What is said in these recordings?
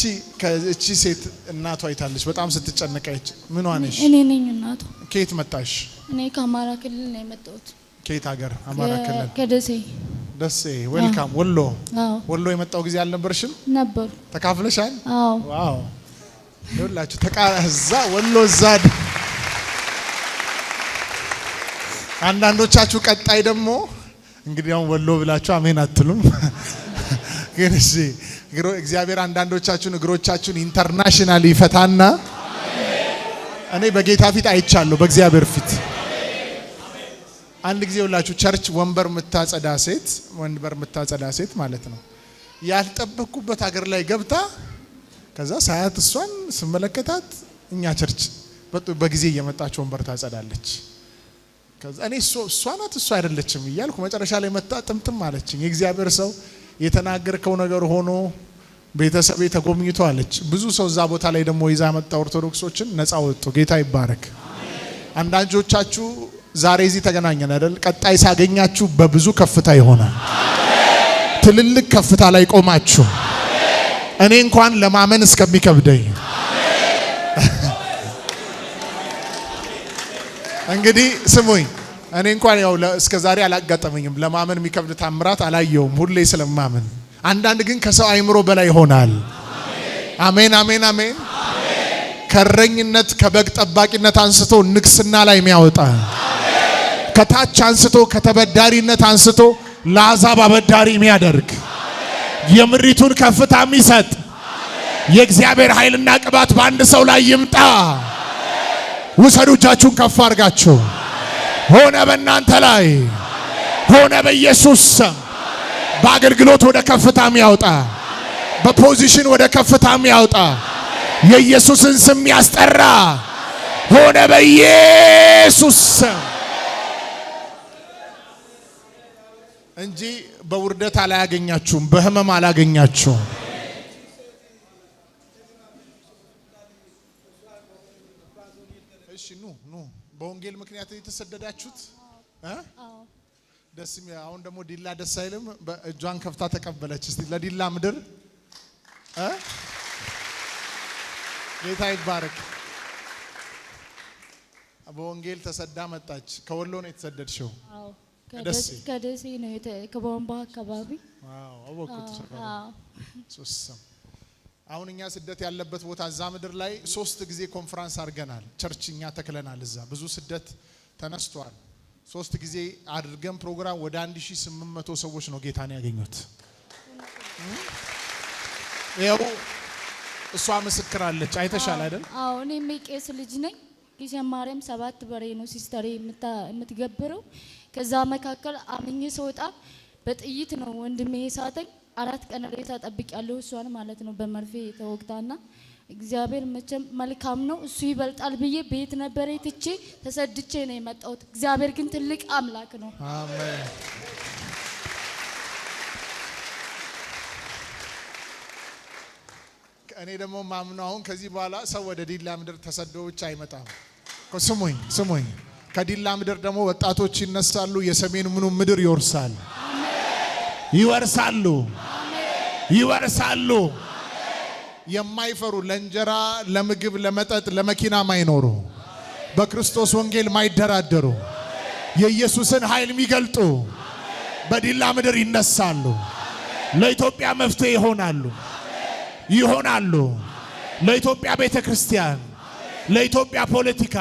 እቺ ከእቺ ሴት እናቷ አይታለች። በጣም ስትጨነቀች አይች። ምን እኔ ነኝ እናቷ። ከየት መጣሽ? እኔ ከአማራ ክልል ነው የመጣሁት። ከየት ሀገር? አማራ ክልል ከደሴ። ደሴ ዌልካም። ወሎ ወሎ የመጣው ጊዜ አልነበርሽም? ነበሩ። ተካፍለሻል? አዎ። ዋው ይኸውላችሁ ተቃራ ወሎ እዛ አንዳንዶቻችሁ ቀጣይ ደግሞ እንግዲህ አሁን ወሎ ብላችሁ አሜን አትሉም። ግን እሺ እግዚአብሔር አንዳንዶቻችሁን እግሮቻችሁን ኢንተርናሽናል ይፈታና እኔ በጌታ ፊት አይቻለሁ። በእግዚአብሔር ፊት አንድ ጊዜ ሁላችሁ ቸርች ወንበር የምታጸዳ ሴት ወንበር የምታጸዳ ሴት ማለት ነው ያልጠበቅኩበት ሀገር ላይ ገብታ ከዛ ሳያት እሷን ስመለከታት እኛ ቸርች በጊዜ እየመጣች ወንበር ታጸዳለች። ከዛ እኔ እሷ ናት እሷ አይደለችም እያልኩ መጨረሻ ላይ መጣ ጥምጥም አለችኝ የእግዚአብሔር ሰው የተናገርከው ነገር ሆኖ ቤተሰቤ ተጎብኝቶ አለች። ብዙ ሰው እዛ ቦታ ላይ ደግሞ ይዛ መጣ። ኦርቶዶክሶችን ነፃ ወጥቶ ጌታ ይባረክ። አንዳንዶቻችሁ ዛሬ እዚህ ተገናኘን አይደል? ቀጣይ ሳገኛችሁ በብዙ ከፍታ ይሆናል። ትልልቅ ከፍታ ላይ ቆማችሁ እኔ እንኳን ለማመን እስከሚከብደኝ እንግዲህ ስሙኝ እኔ እንኳን ያው እስከ ዛሬ አላጋጠመኝም። ለማመን የሚከብድ ታምራት አላየውም። ሁሌ ስለማመን አንዳንድ ግን ከሰው አይምሮ በላይ ይሆናል። አሜን፣ አሜን፣ አሜን። ከረኝነት ከበግ ጠባቂነት አንስቶ ንግስና ላይ የሚያወጣ ከታች አንስቶ ከተበዳሪነት አንስቶ ለአሕዛብ አበዳሪ የሚያደርግ የምሪቱን ከፍታ የሚሰጥ የእግዚአብሔር ኃይልና ቅባት በአንድ ሰው ላይ ይምጣ። ውሰዱ፣ እጃችሁን ከፍ አድርጋችሁ ሆነ በእናንተ ላይ ሆነ በኢየሱስ ስም። በአገልግሎት ወደ ከፍታም ያውጣ፣ በፖዚሽን ወደ ከፍታም ያውጣ፣ የኢየሱስን ስም ያስጠራ። ሆነ በኢየሱስ ስም እንጂ በውርደት አላያገኛችሁም፣ በህመም አላገኛችሁም። በወንጌል ምክንያት የተሰደዳችሁት ደስ የሚል አሁን ደግሞ ዲላ ደስ አይልም። እጇን ከፍታ ተቀበለች። እስቲ ለዲላ ምድር ጌታ ይባረክ። በወንጌል ተሰዳ መጣች። ከወሎ ነው የተሰደድሽው? ከደሴ ነው ከቧንቧ አካባቢ አሁን እኛ ስደት ያለበት ቦታ እዛ ምድር ላይ ሶስት ጊዜ ኮንፈረንስ አድርገናል። ቸርች እኛ ተክለናል። እዛ ብዙ ስደት ተነስቷል። ሶስት ጊዜ አድርገን ፕሮግራም ወደ 1800 ሰዎች ነው ጌታን ያገኙት። ይኸው እሷ ምስክር አለች። አይተሻል አይደል? አዎ። እኔ የቄስ ልጅ ነኝ። ጊዜ ማርያም ሰባት በሬ ነው ሲስተሬ የምትገብረው። ከዛ መካከል አምኜ ስወጣ በጥይት ነው ወንድሜ የሳተኝ። አራት ቀን ሬሳ ያለው እሷን ማለት ነው በመርፌ ተወግታና እግዚአብሔር መቼም መልካም ነው፣ እሱ ይበልጣል ብዬ ቤት ነበረ ትቼ ተሰድቼ ነው የመጣሁት። እግዚአብሔር ግን ትልቅ አምላክ ነው። አሜን። እኔ ደግሞ ማምነው አሁን ከዚህ በኋላ ሰው ወደ ዲላ ምድር ተሰዶ ብቻ አይመጣም። ስሙኝ ስሙኝ፣ ከዲላ ምድር ደግሞ ወጣቶች ይነሳሉ፣ የሰሜን ምኑ ምድር ይወርሳል ይወርሳሉ። ይወርሳሉ። የማይፈሩ ለእንጀራ፣ ለምግብ፣ ለመጠጥ፣ ለመኪና ማይኖሩ በክርስቶስ ወንጌል ማይደራደሩ የኢየሱስን ኃይል የሚገልጡ በዲላ ምድር ይነሳሉ። ለኢትዮጵያ መፍትሄ ይሆናሉ ይሆናሉ። ለኢትዮጵያ ቤተ ክርስቲያን፣ ለኢትዮጵያ ፖለቲካ፣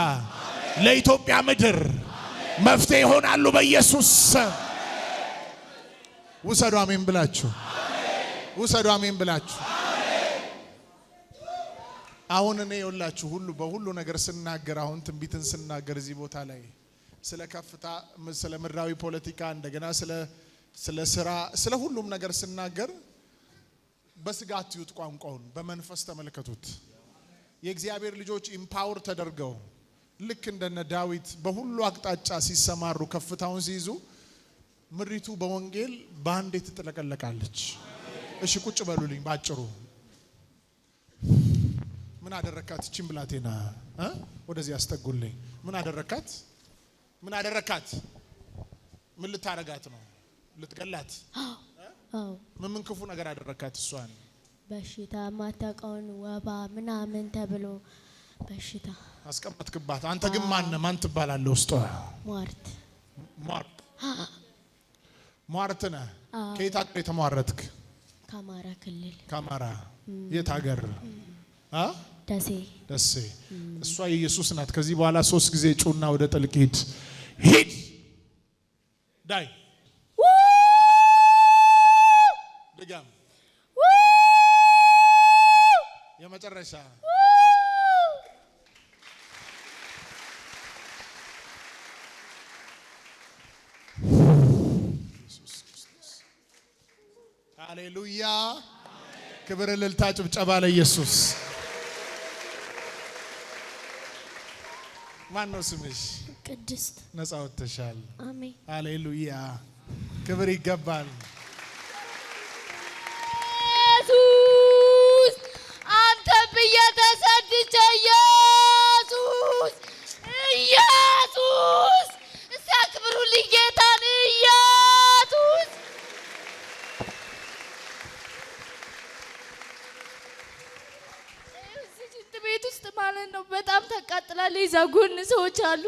ለኢትዮጵያ ምድር መፍትሄ ይሆናሉ። በኢየሱስ ውሰዱ። አሜን ብላችሁ ውሰዱ። አሜን ብላችሁ አሁን እኔ የወላችሁ ሁሉ በሁሉ ነገር ስናገር አሁን ትንቢትን ስናገር እዚህ ቦታ ላይ ስለ ከፍታ፣ ስለ ምድራዊ ፖለቲካ፣ እንደገና ስለ ስራ፣ ስለ ሁሉም ነገር ስናገር በስጋት አትዩት፣ ቋንቋውን በመንፈስ ተመልከቱት። የእግዚአብሔር ልጆች ኢምፓወር ተደርገው ልክ እንደነ ዳዊት በሁሉ አቅጣጫ ሲሰማሩ ከፍታውን ሲይዙ ምሪቱ በወንጌል በአንዴ ትጥለቀለቃለች። እሺ ቁጭ በሉልኝ። ባጭሩ ምን አደረካት? እቺን ብላቴና ወደዚህ ያስጠጉልኝ። ምን አደረካት? ምን አደረካት? ምን ልታረጋት ነው? ልትገላት? ምን ምን ክፉ ነገር አደረካት? እሷን በሽታ ማታቀውን ወባ ምናምን ተብሎ በሽታ አስቀመጥክባት። አንተ ግን ማን ማን ትባላለህ? ውስጧ ሟርት ሟርት ሟርት ነህ። ከየት አገር የተሟረትክ ከአማራ ክልል ከአማራ የት ሀገር አ ደሴ ደሴ። እሷ የኢየሱስ ናት። ከዚህ በኋላ ሶስት ጊዜ ጩና ወደ ጥልቅ ሂድ ሂድ ዳይ ድጋም የመጨረሻ ሃሌሉያ! ክብር እልልታ፣ ጭብጨባ ለኢየሱስ። ማን ነው ስምሽ? ቅድስት ነጻ ወጥተሻል። አሜን። ሃሌሉያ! ክብር ይገባል። ኢየሱስ አንተ ብዬ ተሰድቼ ጣላ ላይ ሰዎች አሉ።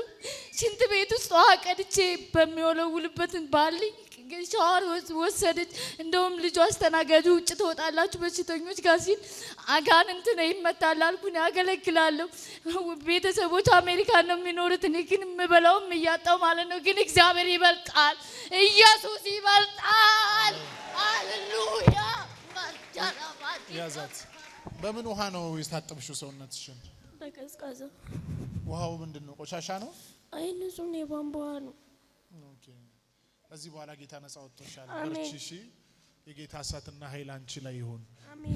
ሽንት ቤት ውስጥ ውሃ ቀድቼ በሚወለውልበትን ባል ሻወር ወሰደች። እንደውም ልጁ አስተናጋጁ ውጭ ትወጣላችሁ በሽተኞች ጋር ሲል አጋንንት ነው ይመታል አልኩኝ። ያገለግላለሁ ቤተሰቦች አሜሪካን ነው የሚኖሩት። እኔ ግን የምበላውም እያጣው ማለት ነው። ግን እግዚአብሔር ይበልጣል፣ ኢየሱስ ይበልጣል። አሌሉያ። ያዛት በምን ውሃ ነው የታጠብሽው ሰውነትሽን? በቀዝቃዛ ውሃው ምንድን ነው? ቆሻሻ ነው? አይ ንጹህ ነው፣ የቧንቧ ነው። ኦኬ። ከዚህ በኋላ ጌታ ነጻ ወጥቶሻል። በርቺ፣ እሺ። የጌታ እሳትና ኃይል አንቺ ላይ ይሁን። አሜን።